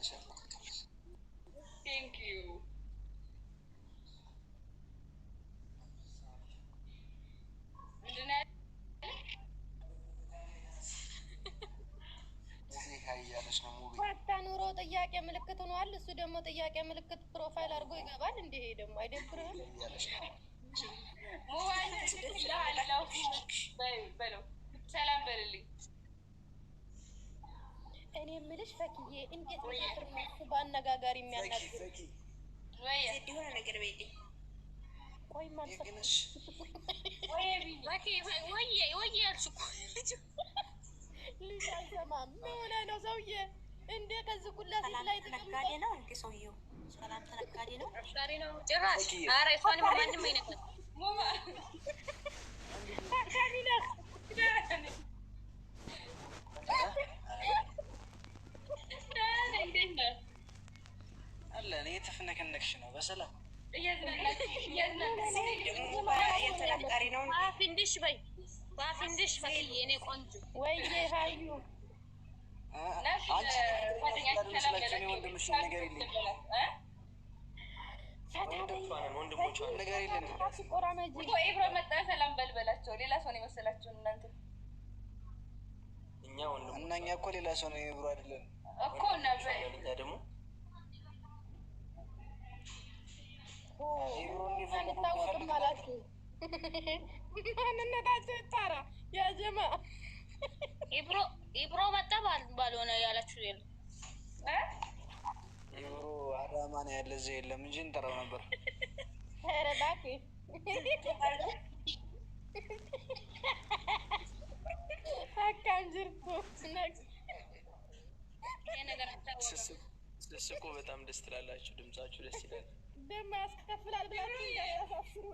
ብለሻል። ቴንክ ዩ ኑሮ ጥያቄ ምልክት ሆኗል። እሱ ደግሞ ጥያቄ ምልክት ፕሮፋይል አድርጎ ይገባል። እንደ ይሄ ደግሞ አይደብርም? ሰላም በልልኝ እኔ የምልሽ ፈኪዬ እንዴት ነው በአነጋጋሪ የሚያናግር የሆነ ከዚህ ጉላ ሴት ላይ ተቀምጠው ነው እንደ ሰውዬው ሰላም ተነጋዴ ነው ጭራሽ። ኧረ እሷንም ማንም አይነካም ይዘሽ ፈቅል የኔ ቆንጆ ወይ ሀዩ ኢብሮ መጣ። ሰላም በልበላቸው። ሌላ ሰው ነው የመሰላችሁን እናንተ። እና እኛ እኮ ሌላ ሰው ነው ኢብሮ አይደለም እኮ ደግሞ ኢብሮ አላችሁ ማንነታቸው ይጣራ። ያጀማ ኢብሮ ኢብሮ መጣ ባልሆነ ያላችሁ የለም ኢብሮ አዳማ ነው ያለ እዚህ የለም እንጂ እንጠራው ነበር። ኧረ እባክህ ስስቁ በጣም ደስ ትላላችሁ። ድምጻችሁ ደስ ይላል። ደግሞ ያስከፍላል ብላችሁ እንዳታሳስሩ።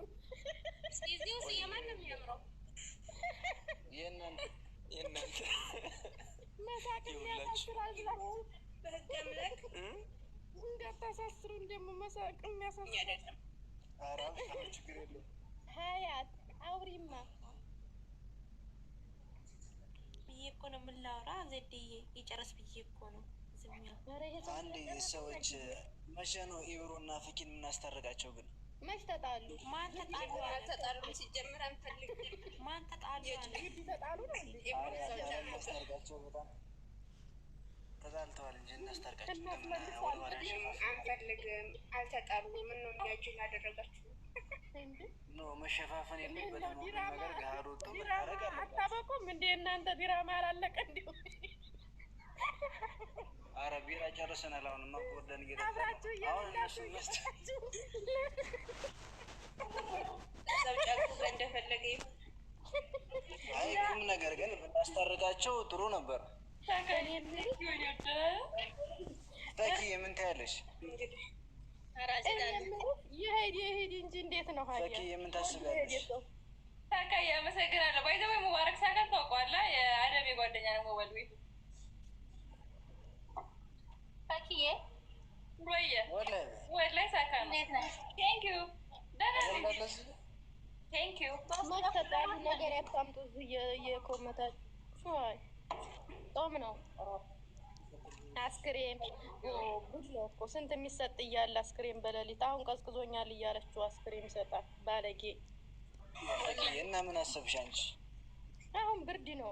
እዚህ ውስጥ የማንም ያምረው መሳቅ የሚያሳስራል ብላችሁ እንዳታሳስሩን። ደግሞ መሳቅ የሚያሳስራል ሀያት አውሪማ ብዬ እኮ ነው የምላወራ ዘዴዬ የጨረስ ብዬ እኮ ነው ዝም ያልኩት። አንድ ሰዎች መቼ ነው እና ፍኪን የምናስታርቃቸው? ግን መች ተጣሉ? ማን ተጣሉ? አልተጣሉም። ሲጀምር አንፈልግ ማን ተጣሉ? ተጣሉ ናስታርቃቸው። በጣም ተጣልተዋል እንጂ እናስታርቃቸው አንፈልግም። አልተጣሉ። ምን ነው እንዲያጅል ያደረጋችሁ? ኖ መሸፋፈን የለበትም። ነገር ጋር ወጡ መታረቅ አታበቁም እንዴ እናንተ? ዲራማ አላለቀ እንዲሁ አረ ቢራ ጨርሰናል። አሁን እነሱ ቁም ነገር ግን ብናስታርቃቸው ጥሩ ነበር። ተኪ የምን ታያለሽ? ይሄድ ይሄድ እንጂ እንዴት ነው ተኪ የምን ታስቢያለሽ? ሳካ ያመሰግናለሁ። ባይዘ ወይ ሙባረክ ሳካ ታውቀዋለህ? የአደብ የጓደኛ ነው ሞባይል ቤቱ ኪዬ ወየ ወላይ ሳካ ቴንክ ዩ ደህና ነኝ። ቴንክ ዩ ነገር አይ ነው አስክሬም ጉድ ነው ስንት የሚሰጥ እያለ አስክሬም በሌሊት አሁን ቀዝቅዞኛል እያለችው አስክሬም ይሰጣል ባለጌ እና ምን አሰብሽ አንቺ አሁን ብርድ ነው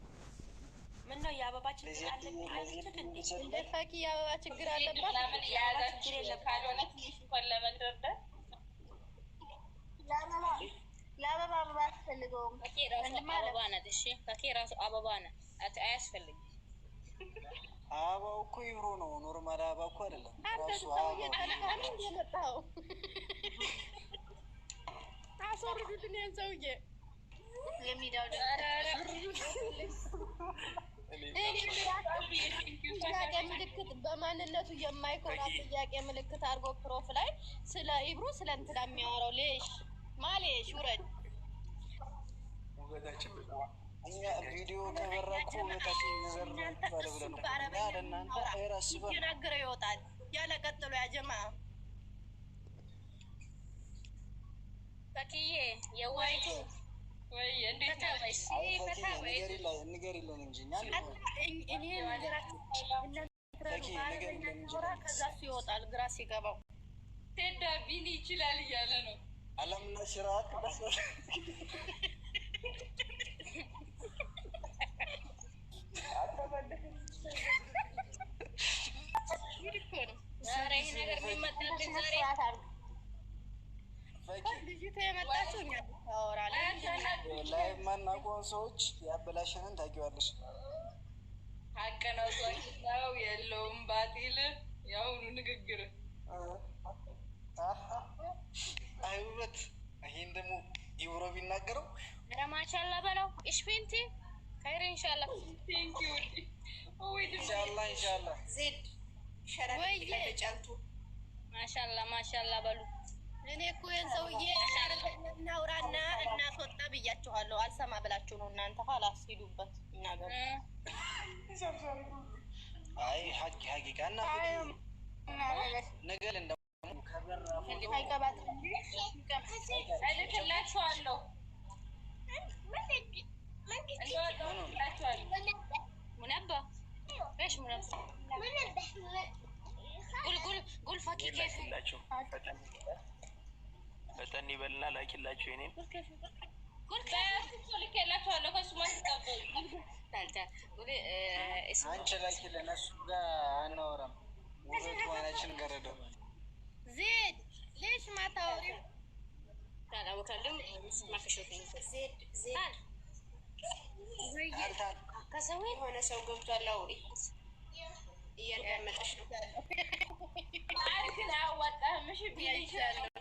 ምን የአበባ ችግር አለብኝ አለችል እንዴ? እንደ የአበባ ችግር አለባት። የአበባ ችግር ለመንደርደር ለአበባ አበባ አያስፈልገውም። አበባ ናት። እሺ ራሱ አበባ ናት። አያስፈልግም። አበባው እኮ ይብሮ ነው። ኖርማል አበባ እኮ አይደለም። ያን ሰውዬ የሚዳው ጥያቄ ምልክት በማንነቱ የማይኮራ ጥያቄ ምልክት አድርጎ ፕሮፍ ላይ ስለ ኢብሮ ስለ እንትና የሚያወራው ሌሽ ማሌሽ ውረድ። ቪዲዮ ከበራኩ ተናግረው ይወጣል። ያለ ቀጥሎ ያጀማ ፈኪዬ የዋይቱ ይወጣል ግራ ሲገባው ቴዳ ቢኒ ይችላል እያለ ነው። አለምና ሽራቅ ነው ዛሬ ነገር የሚመጣብን ዛሬ ልጅቷ የመጣችው እኛ ላይ የማናውቀውን ሰዎች ታውቂዋለሽ። ሀቅ ነው የለውም ባጢል የአሁኑ ንግግር አይ ውበት ይህን ደግሞ ቢናገረው በለው ከይር ማሻላ ማሻላ በሉ እኔ እኮ ይህን ሰውዬ እናውራና እናስወጣ ብያችኋለሁ። አልሰማ ብላችሁ ነው እናንተ ኋላ ሲሉበት እናገሩ አይ ሀቂ ሀቂቃ እና ነገ እንደሞ ጉልጉል ጉልፋኪ ኬፍ ፈጠን ይበልና ላኪላቸው የኔን አንቺ ላኪልን፣ እሱ ጋር አናወራም። ውበት ዋናችን ገረደው ዜድ ማታወሪ ከሰው የሆነ ሰው ገብቷል። አውሪ እያዳመጠሽ ነው።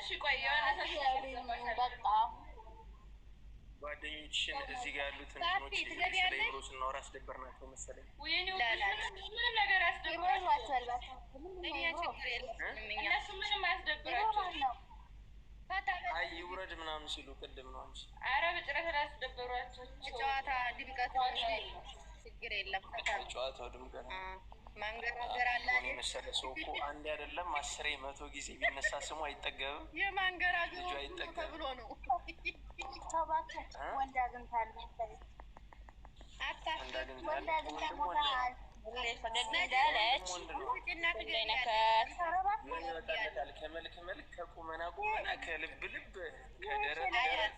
እሺ ቆይ የሆነ በቃ ጓደኞችሽን እዚህ ጋር ያሉት እንትኖች ስለ ዩሮ ስናወራ መሰለኝ። ምንም ነገር እነሱ ምንም አያስደብራቸውም። አይ ይውረድ ምናምን ሲሉ ቅድም ነው እንጂ ኧረ በጭረት አላስደበሯቸው። ጨዋታ ድምቀት ችግር የለም። ጨዋታው ድምቀት ማንገራገር አለ የመሰለ ሰው እኮ አንድ አይደለም አስሬ መቶ ጊዜ ቢነሳ ስሙ አይጠገብም። የማንገራገር ተብሎ ነው። ከመልክ መልክ፣ ከቁመና ቁመና፣ ከልብ ልብ፣ ከደረት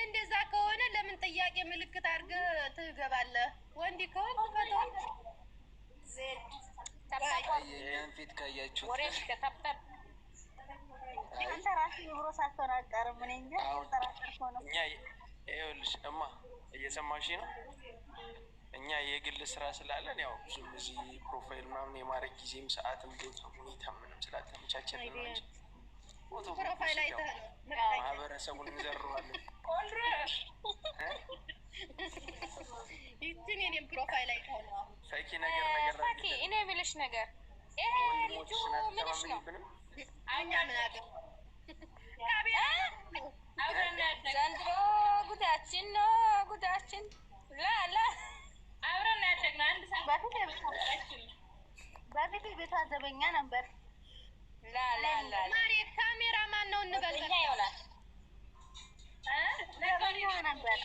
እንደዛ ከሆነ ለምን ጥያቄ ምልክት አድርገህ ትገባለህ? ወንድ ከሆነ ይህን ፊት ካያችሁት እኛ ይኸውልሽ፣ እማ እየሰማሽ ነው እኛ የግል ስራ ስላለን ያው ብዙ እዚህ ፕሮፋይል ምናምን የማድረግ ጊዜም ሰዓትም ቦታ ሁኔታ ምንም ስላልተመቻቸን ነው እንጂ ማህበረሰቡን እንዘረዋለን። ፈኪ ነገር ነገር እኔ የምልሽ ነገር ዘንድሮ ጉዳችን ነው ጉዳችን ላላ በፊት ቤቷ ዘበኛ ነበር። መሬት ካሜራ ማን ነው እንበል ነበር።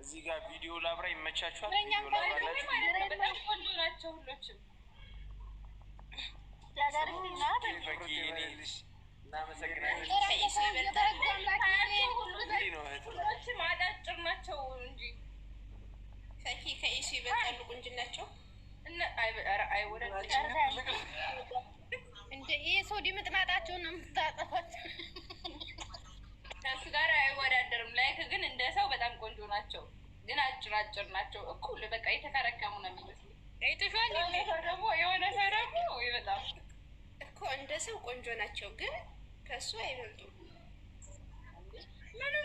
እዚህ ጋር ቪዲዮ ላብራ ይመቻችኋል። ነው? ከኪ ከኢሱ ይበልጣሉ ቁንጅናቸው። እንደ ኢሱ ድምጥ ማጣችሁን ነው የምታጠፋት። ከሱ ጋር አይወዳደርም። ላይክ ግን እንደ ሰው በጣም ቆንጆ ናቸው፣ ግን አጭር አጭር ናቸው። እኩል በቃ የተከረከሙ ነው የሚመስሉ ደግሞ የሆነ ሰው ደግሞ ይበጣም እኮ እንደ ሰው ቆንጆ ናቸው፣ ግን ከእሱ አይበልጡም ምንም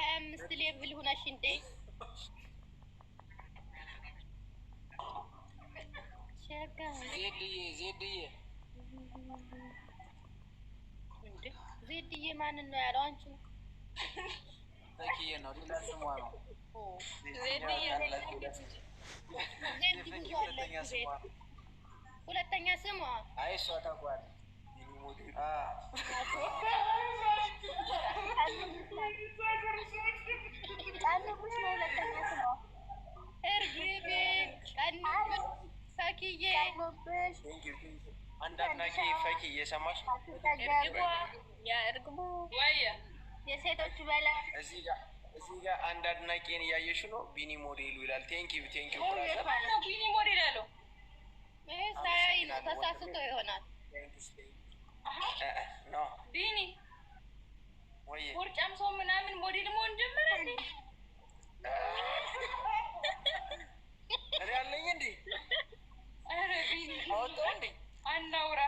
ሀያ አምስት ሌብል ሆነሽ እንዴ? ዜድዬ ዜድዬ ዜድዬ ማንን ነው ያለው? አንቺ ነው ዘኪዬ ነው ሌላ ስሟ ነው። ሁለተኛ ስሟ አይ እሷ ታውቀዋለች ፈኪ እየሰማሽ የሴቶች በላ እዚህ ጋር አንድ አድናቂን እያየሽ ነው። ቢኒ ሞዴሉ ይላል። ቴንኪው ቴንኪው። ቢኒ ሞዴል ያለው ተሳስቶ ይሆናል። ቢኒ ቦርጫም ሰው ምናምን ሞዴል መሆን ጀመረ። እኔ አለኝ እንዴ? ኧረ ቢኒ አወጣው እንዴ? አናውራ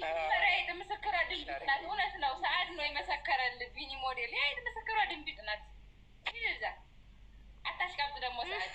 የአይጥ ምስክሯ ድንቢጥ ናት። እውነት ነው። ሰዓት ነው የመሰከረል ቢኒ ሞዴል የአይጥ ምስክሯ ድንቢጥ ናት። እዛ አታሽቃብጥ ደግሞ ሰዓት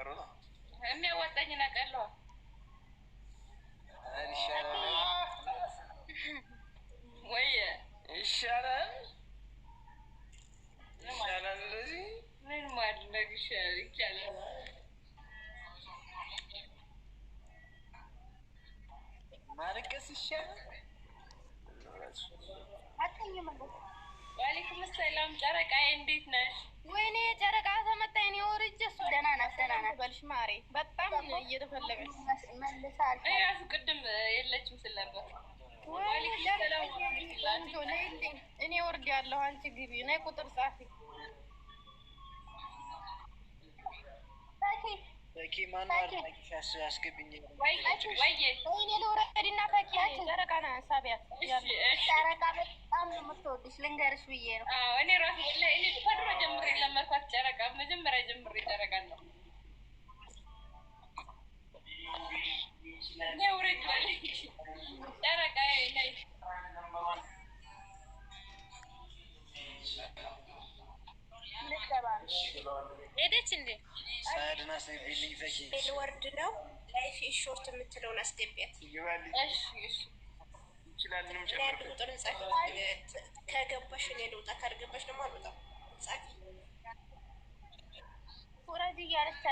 ጥሩ ነው። የሚያዋጣኝ ናቀለዋ ወይ ይሻላል ይሻላል። እንደዚህ ምን ማድረግ ይቻላል? ማልቀስ ይሻላል። ወአለይኩም ሰላም ጨረቃዬ፣ እንዴት ነሽ? ወይኔ ጨረቃ ተመጣ እኔ ወርጅ። እሱ ደህና ናት ደህና ናት በልሽ ማሬ፣ በጣም እየተፈለገች እራሱ ቅድም የለችም ስል ነበር። እኔ ወርድ ያለሁ አንቺ ግቢ ናይ ቁጥር ጻፊ ፈኪ ማን ወይ ወይ ወይ ወይ ወይ ወይ ወይ ወይ ወይ ነው የምትወድሽ፣ ልንገርሽ ብዬ ነው። እኔ ራሱ ከድሮ ጀምሬ ለመርኳት ጨረቃ መጀመሪያ ጀምሬ ጨረቃን ነው ሄደች እንዴ? ወርድ ነው ላይፍ ኢንሾርት የምትለውን አስገቢያት። ይችላልንም ጨምር ቁጥር ጻፊ። ከገባሽ እኔ ልውጣ፣ ካልገባሽ ደግሞ አልወጣም። ጻፊ ወረድ እያለች